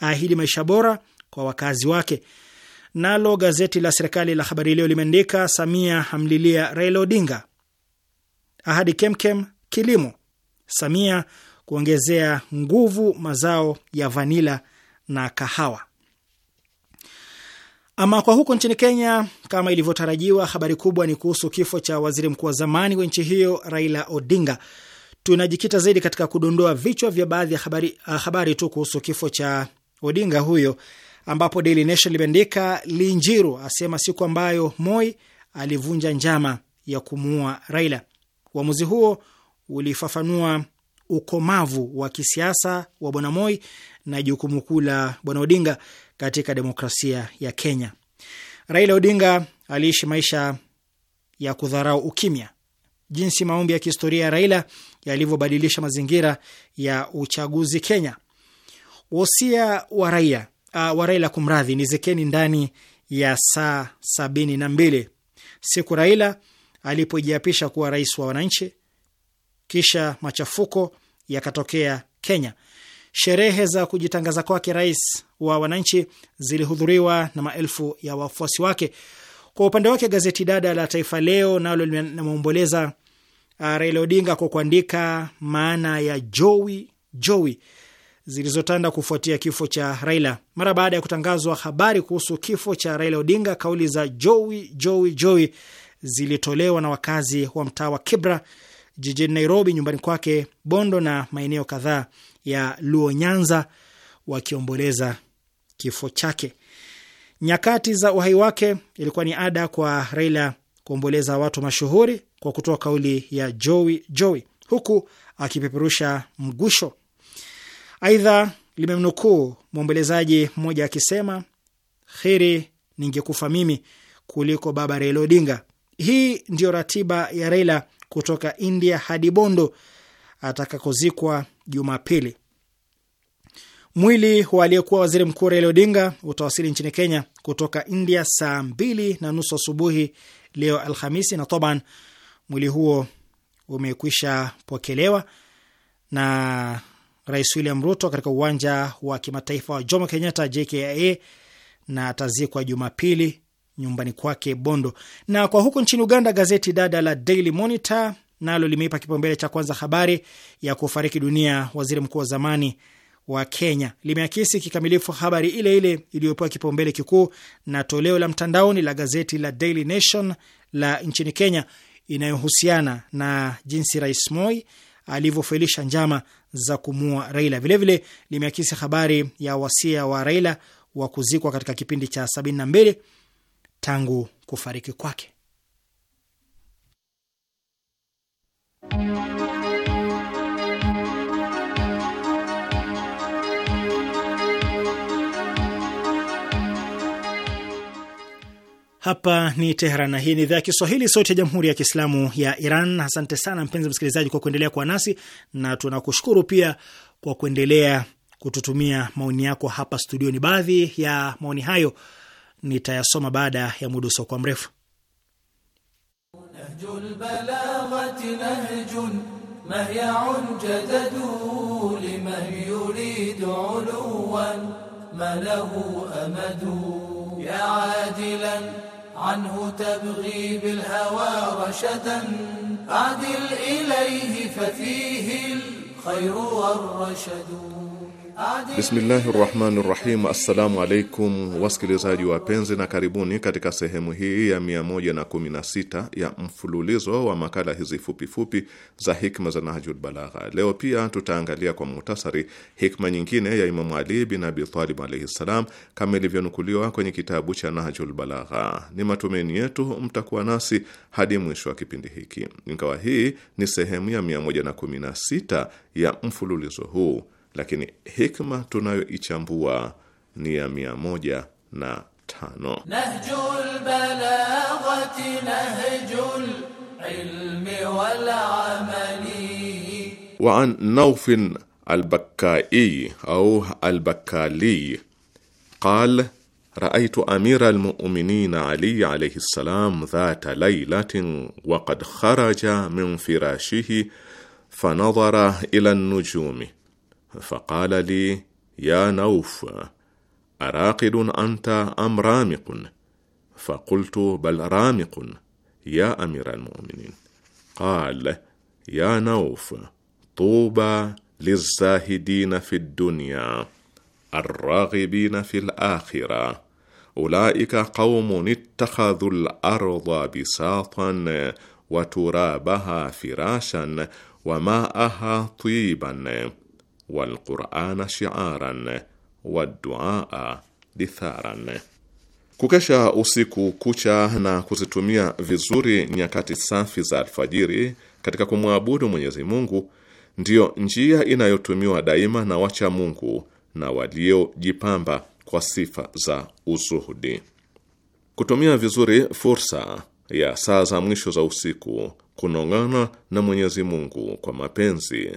aahidi maisha bora kwa wakazi wake. Nalo gazeti la serikali la Habari Leo limeandika Samia hamlilia Raila Odinga, Ahadi kemkem kilimo. Samia kuongezea nguvu mazao ya vanila na kahawa. Ama kwa huko nchini Kenya, kama ilivyotarajiwa, habari kubwa ni kuhusu kifo cha waziri mkuu wa zamani wa nchi hiyo Raila Odinga. Tunajikita zaidi katika kudondoa vichwa vya baadhi ya habari, ah, habari tu kuhusu kifo cha Odinga huyo, ambapo Daily Nation limeandika Linjiru asema siku ambayo Moi alivunja njama ya kumuua Raila. Uamuzi huo ulifafanua ukomavu wa kisiasa wa Bwana Moi na jukumu kuu la Bwana Odinga katika demokrasia ya Kenya. Raila Odinga aliishi maisha ya kudharau ukimya. Jinsi maombi ya kihistoria ya Raila yalivyobadilisha mazingira ya uchaguzi Kenya. Wosia wa Raila uh, wa Raila kumradhi, ni zekeni ndani ya saa sabini na mbili. Siku Raila alipojiapisha kuwa rais wa wananchi, kisha machafuko yakatokea Kenya. Sherehe za kujitangaza kwake rais wa wananchi zilihudhuriwa na maelfu ya wafuasi wake. Kwa upande wake, gazeti dada la Taifa Leo nalo limeomboleza uh, Raila Odinga kwa kuandika maana ya jowi jowi zilizotanda kufuatia kifo cha Raila. Mara baada ya kutangazwa habari kuhusu kifo cha Raila Odinga, kauli za jowi jowi jowi zilitolewa na wakazi wa mtaa wa Kibra jijini Nairobi, nyumbani kwake Bondo na maeneo kadhaa ya Luo Nyanza, wakiomboleza kifo chake. Nyakati za uhai wake ilikuwa ni ada kwa Raila kuomboleza watu mashuhuri kwa kutoa kauli ya Joey Joey, huku akipeperusha mgusho. Aidha, limemnukuu mwombolezaji mmoja akisema, heri ningekufa mimi kuliko baba Raila Odinga. Hii ndiyo ratiba ya Raila kutoka India hadi Bondo atakakozikwa Jumapili. Mwili wa aliyekuwa waziri mkuu Raila Odinga utawasili nchini Kenya kutoka India saa mbili na nusu asubuhi leo Alhamisi, na toban mwili huo umekwisha pokelewa na Rais William Ruto katika uwanja wa kimataifa wa Jomo Kenyatta JKIA na atazikwa Jumapili nyumbani kwake Bondo. Na kwa huku nchini Uganda, gazeti dada la Daily Monitor nalo limeipa kipaumbele cha kwanza habari ya kufariki dunia waziri mkuu wa zamani wa Kenya. Limeakisi kikamilifu habari ile ile iliyopewa kipaumbele kikuu na toleo la mtandaoni la gazeti la Daily Nation la nchini Kenya, inayohusiana na jinsi Rais Moi alivyofelisha njama za kumua Raila. Vilevile limeakisi habari ya wasia wa Raila wa kuzikwa katika kipindi cha sabini na mbili tangu kufariki kwake. Hapa ni Teheran na hii ni idhaa ya Kiswahili, sauti ya jamhuri ya kiislamu ya Iran. Asante sana mpenzi msikilizaji kwa kuendelea kuwa nasi na tunakushukuru pia kwa kuendelea kututumia maoni yako hapa studioni. Baadhi ya maoni hayo nitayasoma baada ya muda usiokuwa mrefu. adil ilayhi fa fihi al Bismillahi rahmani rahim. Assalamu alaikum wasikilizaji wapenzi, na karibuni katika sehemu hii ya 116 ya mfululizo wa makala hizi fupifupi za hikma za Nahjul Balagha. Leo pia tutaangalia kwa muhtasari hikma nyingine ya Imamu Ali bin Abi Talib alaihi ssalam, kama ilivyonukuliwa kwenye kitabu cha Nahjul Balagha. Ni matumaini yetu mtakuwa nasi hadi mwisho wa kipindi hiki, ingawa hii ni sehemu ya 116 ya mfululizo huu. lakini hikma tunayoichambua ni ya mia moja na tano. Nahjul balaghati nahjul ilmi wal amali. Wa an Naufin Albakai au Albakali bakkali qal Raaitu amira almuminina Ali alayhi salam dhata lailatin wakad kharaja min firashihi fanadhara ila nujumi فقال لي يا نوف اراقد انت ام رامق فقلت بل رامق يا امير المؤمنين قال يا نوف طوبى للزاهدين في الدنيا الراغبين في الاخره اولئك قوم اتخذوا الارض بساطا وترابها فراشا وماءها طيبا walqurana shiaran waduaa ditharan, kukesha usiku kucha na kuzitumia vizuri nyakati safi za alfajiri katika kumwabudu Mwenyezi Mungu ndiyo njia inayotumiwa daima na wacha Mungu na waliojipamba kwa sifa za uzuhudi. Kutumia vizuri fursa ya saa za mwisho za usiku, kunong'ana na Mwenyezi Mungu kwa mapenzi,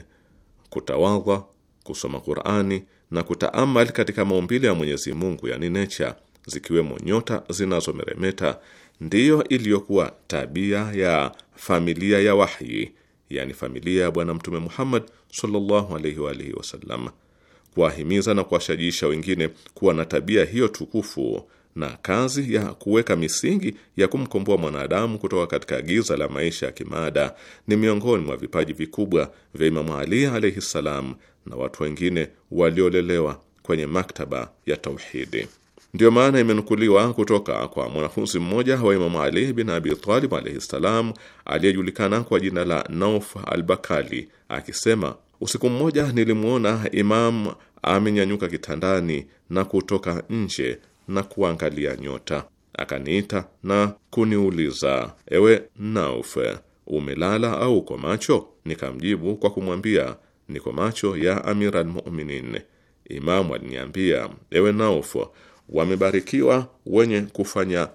kutawadha kusoma Qur'ani na kutaamal katika maumbile ya Mwenyezi Mungu, yani nature, zikiwemo nyota zinazomeremeta, ndiyo iliyokuwa tabia ya familia ya wahyi, yani familia ya Bwana Mtume Muhammad sallallahu alaihi wa alihi wasallam. Kuwahimiza na kuwashajiisha wengine kuwa na tabia hiyo tukufu na kazi ya kuweka misingi ya kumkomboa mwanadamu kutoka katika giza la maisha ya kimaada ni miongoni mwa vipaji vikubwa vya Imamu Ali alaihi ssalam na watu wengine waliolelewa kwenye maktaba ya tauhidi. Ndiyo maana imenukuliwa kutoka kwa mwanafunzi mmoja wa Imamu Ali bin Abi Talib alaihi ssalam aliyejulikana kwa jina la Nauf al Bakali akisema, usiku mmoja nilimwona Imam amenyanyuka kitandani na kutoka nje na kuangalia nyota. Akaniita na kuniuliza, ewe Nauf, umelala au uko macho? Nikamjibu kwa kumwambia niko macho ya Amira Almuminin. Imamu aliniambia, ewe Nauf, wamebarikiwa wenye kufanya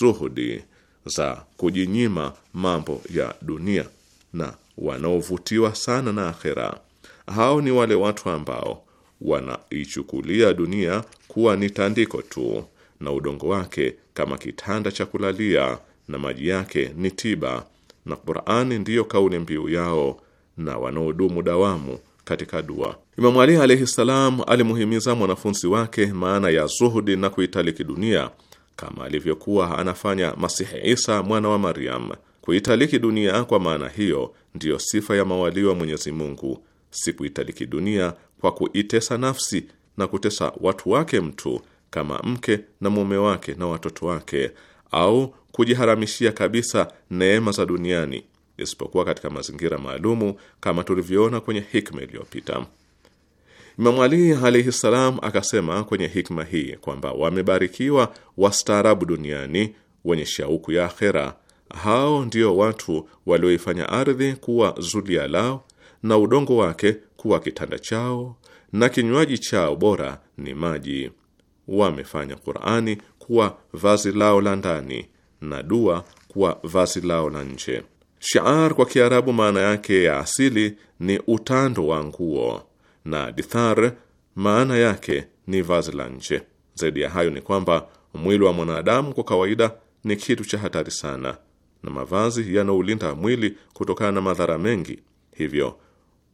zuhudi za kujinyima mambo ya dunia na wanaovutiwa sana na akhera. Hao ni wale watu ambao wanaichukulia dunia kuwa ni tandiko tu na udongo wake kama kitanda cha kulalia na maji yake ni tiba, na Qur'ani ndiyo kauli mbiu yao na wanaodumu dawamu katika dua. Imamu Ali alayhi salam alimuhimiza mwanafunzi wake maana ya zuhudi na kuitaliki dunia kama alivyokuwa anafanya Masihi Isa mwana wa Maryam. Kuitaliki dunia kwa maana hiyo ndiyo sifa ya mawalio wa Mwenyezi Mungu, si kuitaliki dunia kwa kuitesa nafsi na kutesa watu wake, mtu kama mke na mume wake na watoto wake, au kujiharamishia kabisa neema za duniani, isipokuwa katika mazingira maalumu kama tulivyoona kwenye hikma iliyopita. Imamu Ali alaihi ssalam akasema kwenye hikma hii kwamba wamebarikiwa wastaarabu duniani wenye shauku ya akhera. Hao ndio watu walioifanya ardhi kuwa zulia lao na udongo wake kuwa kitanda chao na kinywaji chao bora ni maji. Wamefanya Qur'ani kuwa vazi lao la ndani na dua kuwa vazi lao la nje. Shiar kwa Kiarabu maana yake ya asili ni utando wa nguo na dithar maana yake ni vazi la nje. Zaidi ya hayo ni kwamba mwili wa mwanadamu kwa kawaida ni kitu cha hatari sana, na mavazi yanaulinda mwili kutokana na madhara mengi, hivyo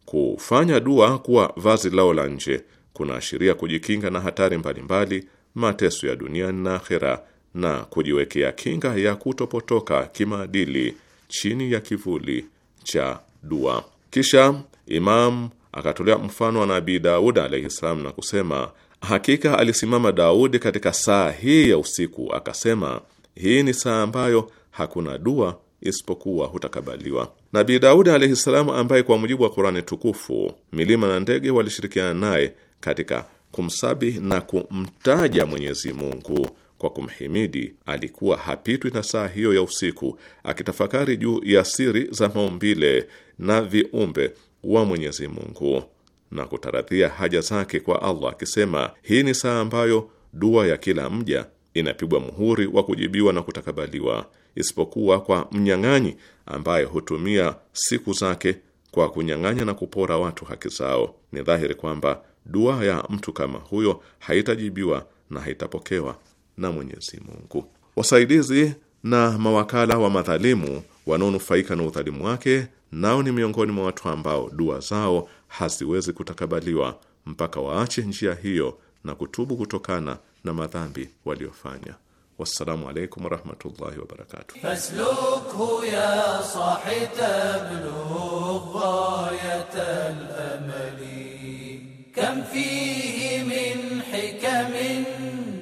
Kufanya dua kuwa vazi lao la nje kunaashiria kujikinga na hatari mbalimbali, mateso ya duniani na akhera, na kujiwekea kinga ya kutopotoka kimaadili chini ya kivuli cha dua. Kisha Imam akatolea mfano wa Nabii daudi alaihi salam na kusema, hakika alisimama Daudi katika saa hii ya usiku akasema, hii ni saa ambayo hakuna dua isipokuwa hutakabaliwa. Nabii Daudi alaihi salamu, ambaye kwa mujibu wa Kurani tukufu milima na ndege walishirikiana naye katika kumsabi na kumtaja Mwenyezi Mungu kwa kumhimidi, alikuwa hapitwi na saa hiyo ya usiku akitafakari juu ya siri za maumbile na viumbe wa Mwenyezi Mungu na kutaradhia haja zake kwa Allah akisema, hii ni saa ambayo dua ya kila mja inapigwa muhuri wa kujibiwa na kutakabaliwa isipokuwa kwa mnyang'anyi ambaye hutumia siku zake kwa kunyang'anya na kupora watu haki zao. Ni dhahiri kwamba dua ya mtu kama huyo haitajibiwa na haitapokewa na Mwenyezi Mungu. Wasaidizi na mawakala wa madhalimu wanaonufaika na udhalimu wake nao ni miongoni mwa watu ambao dua zao haziwezi kutakabaliwa mpaka waache njia hiyo na kutubu kutokana na madhambi waliofanya. wassalamu alaikum warahmatullahi wabarakatuh. Faslukhu ya sahi tablugh ghayat al-amali kam fihi min hikamin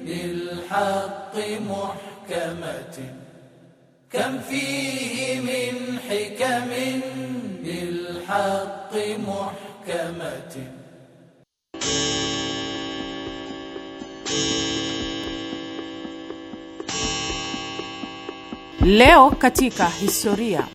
lil-haqqi muhkamatin كم فيه من حكم للحق محكمه Leo katika historia.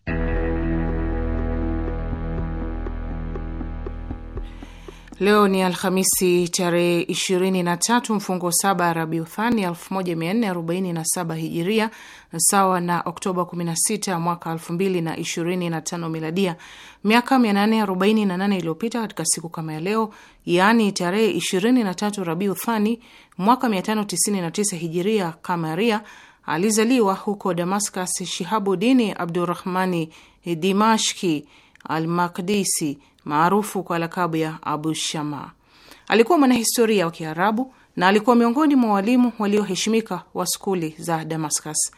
Leo ni Alhamisi tarehe 23 mfungo 7 Rabiuthani 1447 Hijiria, sawa na Oktoba 16 mwaka 2025 Miladia. Miaka 848 iliyopita katika siku kama ya leo, yaani tarehe 23 Rabiuthani mwaka 599 Hijiria kamaria alizaliwa huko Damascus Shihabudini Abdurahmani Dimashki al Makdisi, maarufu kwa lakabu ya Abu Shama. Alikuwa mwanahistoria wa Kiarabu na alikuwa miongoni mwa walimu walioheshimika wa skuli za Damascus.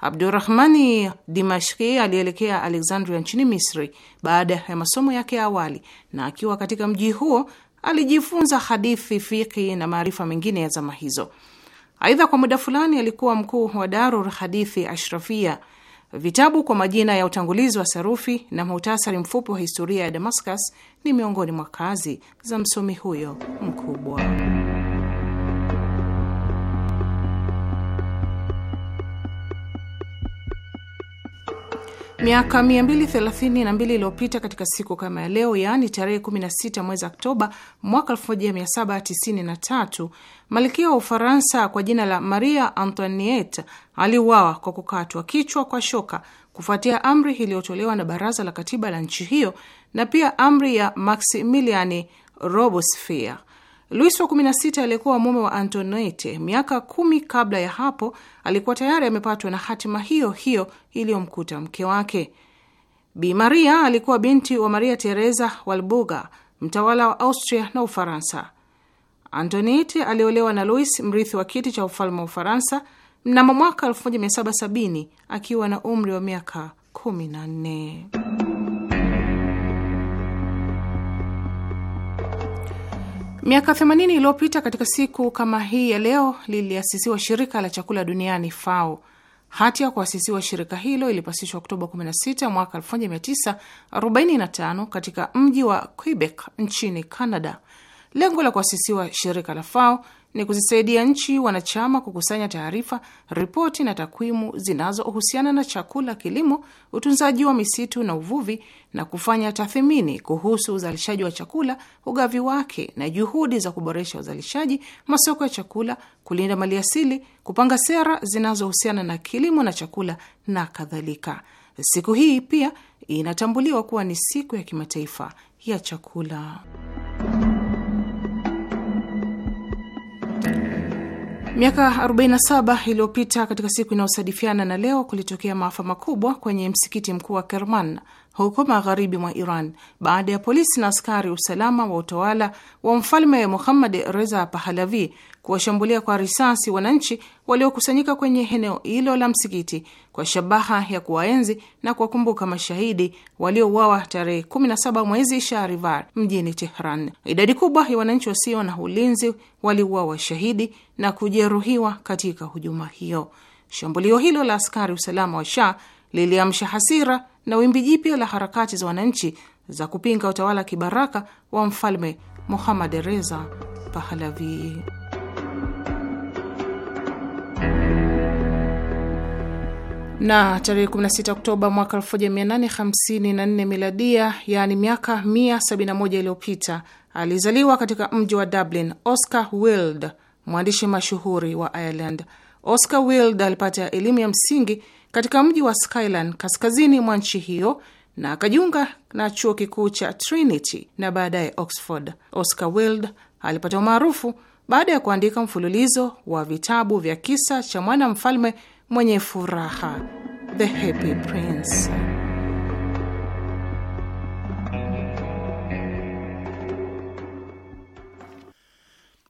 Abdurahmani Dimashki alielekea Alexandria nchini Misri baada ya masomo yake ya awali, na akiwa katika mji huo alijifunza hadithi, fiki na maarifa mengine ya zama hizo. Aidha, kwa muda fulani alikuwa mkuu wa darur Hadithi Ashrafia. Vitabu kwa majina ya utangulizi wa sarufi na muhtasari mfupi wa historia ya Damascus ni miongoni mwa kazi za msomi huyo mkubwa. Miaka 232 iliyopita katika siku kama ya leo, yaani tarehe 16 mwezi Oktoba mwaka 1793, malkia wa Ufaransa kwa jina la Maria Antoinette aliuawa kwa kukatwa kichwa kwa shoka kufuatia amri iliyotolewa na baraza la katiba la nchi hiyo na pia amri ya Maximiliani Robespierre. Luis wa 16 aliyekuwa mume wa Antoinette miaka kumi kabla ya hapo alikuwa tayari amepatwa na hatima hiyo hiyo iliyomkuta mke wake. Bi Maria alikuwa binti wa Maria Teresa Walburga, mtawala wa Austria na Ufaransa. Antoinette aliolewa na Louis, mrithi wa kiti cha ufalme wa Ufaransa mnamo mwaka 1770 akiwa na umri wa miaka 14. Miaka 80 iliyopita katika siku kama hii ya leo liliasisiwa shirika la chakula duniani FAO. Hati ya kuasisiwa shirika hilo ilipasishwa Oktoba 16 mwaka 1945 katika mji wa Quebec nchini Canada. Lengo la kuasisiwa shirika la FAO ni kuzisaidia nchi wanachama kukusanya taarifa, ripoti na takwimu zinazohusiana na chakula, kilimo, utunzaji wa misitu na uvuvi, na kufanya tathmini kuhusu uzalishaji wa chakula, ugavi wake, na juhudi za kuboresha uzalishaji, masoko ya chakula, kulinda maliasili, kupanga sera zinazohusiana na kilimo na chakula na kadhalika. Siku hii pia inatambuliwa kuwa ni siku ya kimataifa ya chakula. Miaka 47 iliyopita katika siku inayosadifiana na leo kulitokea maafa makubwa kwenye msikiti mkuu wa Kerman huko magharibi mwa Iran baada ya polisi na askari usalama wa utawala wa mfalme Muhammad Reza Pahalavi kuwashambulia kwa risasi wananchi waliokusanyika kwenye eneo hilo la msikiti kwa shabaha ya kuwaenzi na kuwakumbuka mashahidi waliouawa tarehe 17 mwezi Shahrivar mjini Tehran. Idadi kubwa ya wananchi wasio na ulinzi waliuawa shahidi na kujeruhiwa katika hujuma hiyo. Shambulio hilo la askari usalama wa Shah liliamsha hasira na wimbi jipya la harakati za wananchi za kupinga utawala wa kibaraka wa mfalme Mohammad Reza Pahlavi na tarehe 16 Oktoba mwaka 1854 miladia, yaani miaka 171 iliyopita, alizaliwa katika mji wa Dublin Oscar Wilde, mwandishi mashuhuri wa Ireland. Oscar Wilde alipata elimu ya msingi katika mji wa Skyland kaskazini mwa nchi hiyo na akajiunga na chuo kikuu cha Trinity na baadaye Oxford. Oscar Wilde alipata umaarufu baada ya kuandika mfululizo wa vitabu vya kisa cha mwana mfalme mwenye furaha, the happy prince.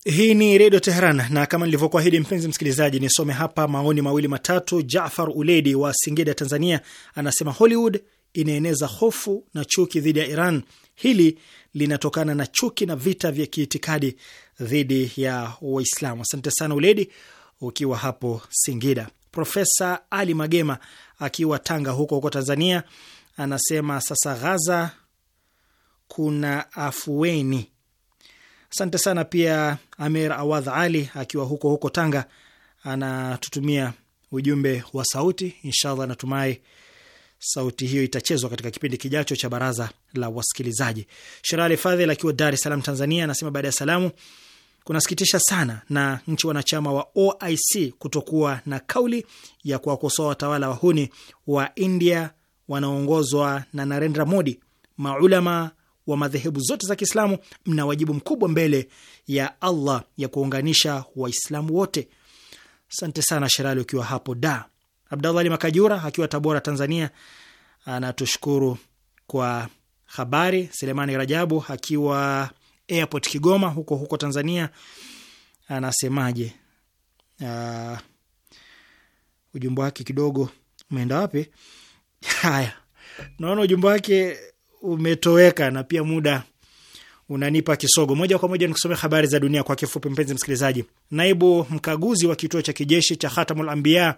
Hii ni Redio Teheran, na kama nilivyokuahidi, mpenzi msikilizaji, nisome hapa maoni mawili matatu. Jafar Uledi wa Singida, Tanzania, anasema Hollywood inaeneza hofu na chuki dhidi ya Iran. Hili linatokana na chuki na vita vya kiitikadi dhidi ya Waislamu. Asante sana Uledi, ukiwa hapo Singida. Profesa Ali Magema akiwa Tanga huko huko Tanzania anasema sasa Ghaza kuna afueni. Asante sana. Pia Amir Awadh Ali akiwa huko huko Tanga anatutumia ujumbe wa sauti. Inshallah, natumai sauti hiyo itachezwa katika kipindi kijacho cha baraza la wasikilizaji. Sherali Fadhil akiwa Dar es Salaam, Tanzania anasema baada ya salamu kunasikitisha sana na nchi wanachama wa OIC kutokuwa na kauli ya kuwakosoa watawala wahuni wa India wanaoongozwa na Narendra Modi. Maulama wa madhehebu zote za Kiislamu mna wajibu mkubwa mbele ya Allah ya kuunganisha Waislamu wote. Asante sana Sherali ukiwa hapo da. Abdallah Ali Makajura akiwa Tabora, Tanzania anatushukuru kwa habari. Selemani Rajabu akiwa Airport Kigoma huko huko Tanzania anasemaje? Uh, ujumbe wake kidogo umeenda wapi? Haya, naona ujumbe wake umetoweka na pia muda unanipa kisogo. Moja kwa moja nikusomea habari za dunia kwa kifupi, mpenzi msikilizaji. Naibu mkaguzi wa kituo cha kijeshi cha Khatamul Anbiya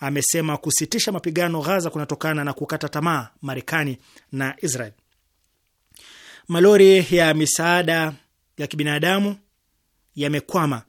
amesema kusitisha mapigano Ghaza kunatokana na kukata tamaa Marekani na Israel. Malori ya misaada ya kibinadamu yamekwama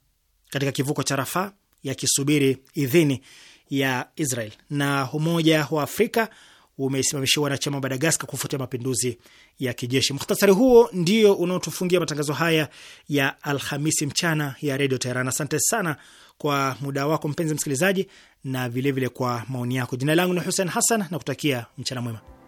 katika kivuko cha Rafaa yakisubiri idhini ya Israel. Na Umoja wa Afrika umeisimamisha wanachama wa Madagaskar kufuatia mapinduzi ya kijeshi. Mukhtasari huo ndio unaotufungia matangazo haya ya Alhamisi mchana ya Redio Teheran. Asante sana kwa muda wako mpenzi msikilizaji, na vilevile vile kwa maoni yako. Jina langu ni Hussein Hassan na kutakia mchana mwema.